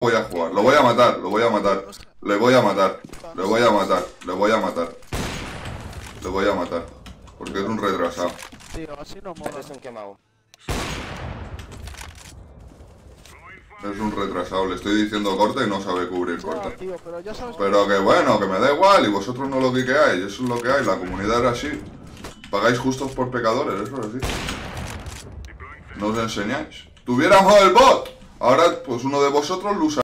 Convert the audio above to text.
voy a jugar. Lo voy a matar, lo voy a matar. Le voy a matar. Le voy a matar. Le voy a matar. Le voy a matar. Porque es un retrasado. Tío, así Es un quemado. Es un retrasado, le estoy diciendo corte y no sabe cubrir corte. pero, que bueno, que me da igual y vosotros no lo que hay, eso es lo que hay, la comunidad era así. Pagáis justos por pecadores, eso es así. No os enseñáis. ¡Tuviéramos el bot! Ahora, pues uno de vosotros lo usa.